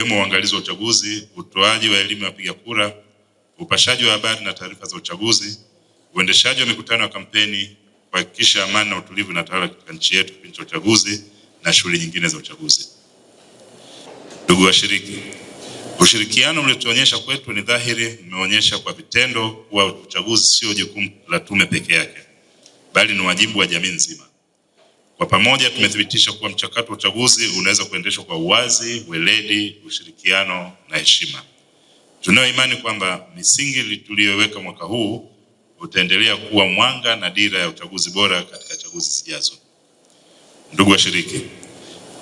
ikiwemo uangalizi wa uchaguzi, utoaji wa elimu ya wapiga kura, upashaji wa habari na taarifa za uchaguzi, uendeshaji wa mikutano ya kampeni, kuhakikisha amani na utulivu inatawala katika nchi yetu kipindi cha uchaguzi na shughuli nyingine za uchaguzi. Ndugu washiriki, ushirikiano mliotuonyesha kwetu ni dhahiri, mmeonyesha kwa vitendo kuwa uchaguzi sio jukumu la tume peke yake, bali ni wajibu wa jamii nzima. Kwa pamoja tumethibitisha kuwa mchakato wa uchaguzi unaweza kuendeshwa kwa uwazi, weledi, ushirikiano na heshima. Tunayo imani kwamba misingi tuliyoweka mwaka huu utaendelea kuwa mwanga na dira ya uchaguzi bora katika chaguzi zijazo. Ndugu washiriki,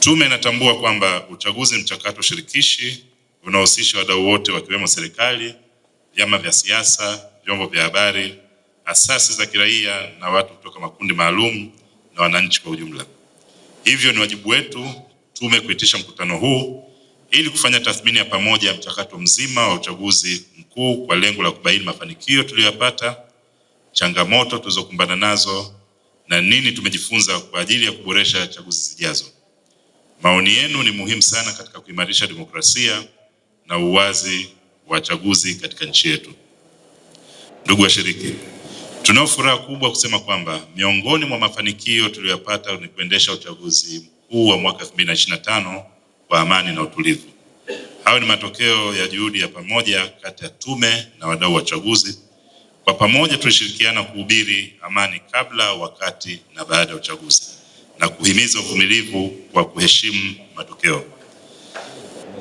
tume inatambua kwamba uchaguzi ni mchakato shirikishi unaohusisha wadau wote wakiwemo serikali, vyama vya siasa, vyombo vya habari, asasi za kiraia na watu kutoka makundi maalum na wananchi kwa ujumla. Hivyo ni wajibu wetu tume kuitisha mkutano huu ili kufanya tathmini ya pamoja ya mchakato mzima wa uchaguzi mkuu kwa lengo la kubaini mafanikio tuliyoyapata, changamoto tulizokumbana nazo na nini tumejifunza kwa ajili ya kuboresha chaguzi zijazo. Maoni yenu ni muhimu sana katika kuimarisha demokrasia na uwazi wa chaguzi katika nchi yetu. Ndugu washiriki Tunao furaha kubwa kusema kwamba miongoni mwa mafanikio tuliyopata ni kuendesha uchaguzi mkuu wa mwaka 2025 kwa amani na utulivu. Hayo ni matokeo ya juhudi ya pamoja kati ya tume na wadau wa uchaguzi. Kwa pamoja tulishirikiana kuhubiri amani kabla, wakati na baada ya uchaguzi na kuhimiza uvumilivu kwa kuheshimu matokeo.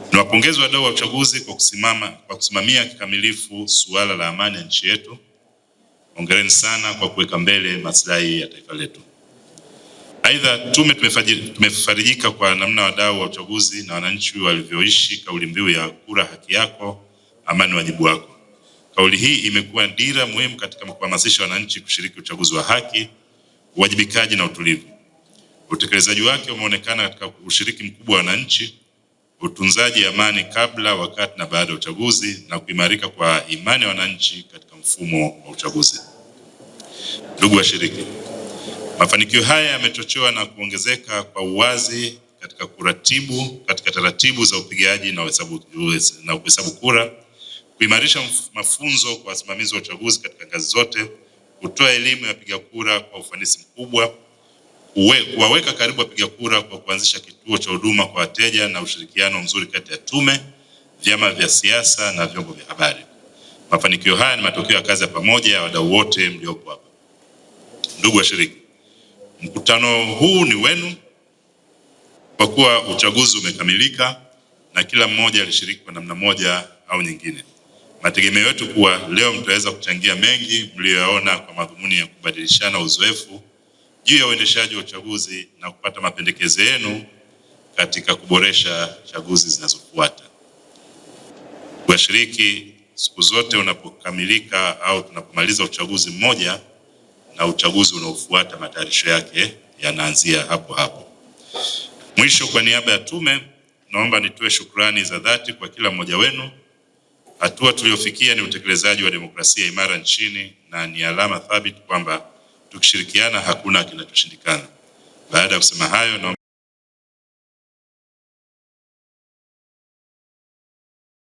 Tunawapongeza wadau wa uchaguzi kwa kusimama, kwa kusimamia kikamilifu suala la amani ya nchi yetu. Hongereni sana kwa kuweka mbele maslahi ya taifa letu. Aidha, tume tumefarijika kwa namna wadau wa uchaguzi na wananchi walivyoishi kauli mbiu ya kura haki yako, amani wajibu wako. Kauli hii imekuwa dira muhimu katika kuhamasisha wananchi kushiriki uchaguzi wa haki, uwajibikaji na utulivu. Utekelezaji wake umeonekana katika ushiriki mkubwa wa wananchi utunzaji amani kabla, wakati na baada ya uchaguzi na kuimarika kwa imani ya wananchi katika mfumo wa uchaguzi. Ndugu washiriki, mafanikio haya yamechochewa na kuongezeka kwa uwazi katika kuratibu katika taratibu za upigaji na uhesabu na kuhesabu kura, kuimarisha mafunzo kwa wasimamizi wa uchaguzi katika ngazi zote, kutoa elimu ya wapiga kura kwa ufanisi mkubwa kuwaweka karibu wapiga kura kwa kuanzisha kituo cha huduma kwa wateja na ushirikiano mzuri kati ya tume, vyama vya siasa na vyombo vya habari. Mafanikio haya ni matokeo ya kazi ya pamoja ya wadau wote mliopo hapa. Ndugu washiriki, mkutano huu ni wenu kwa kuwa uchaguzi umekamilika na kila mmoja alishiriki kwa namna moja au nyingine. Mategemeo yetu kuwa leo mtaweza kuchangia mengi mliyoyaona kwa madhumuni ya kubadilishana uzoefu juu ya uendeshaji wa uchaguzi na kupata mapendekezo yenu katika kuboresha chaguzi zinazofuata. Washiriki, siku zote unapokamilika au tunapomaliza uchaguzi mmoja na uchaguzi unaofuata matayarisho yake yanaanzia hapo hapo. Mwisho, kwa niaba ya tume, naomba nitoe shukrani za dhati kwa kila mmoja wenu. Hatua tuliyofikia ni utekelezaji wa demokrasia imara nchini na ni alama thabiti kwamba Tukishirikiana hakuna kinachoshindikana. Baada ya kusema hayo na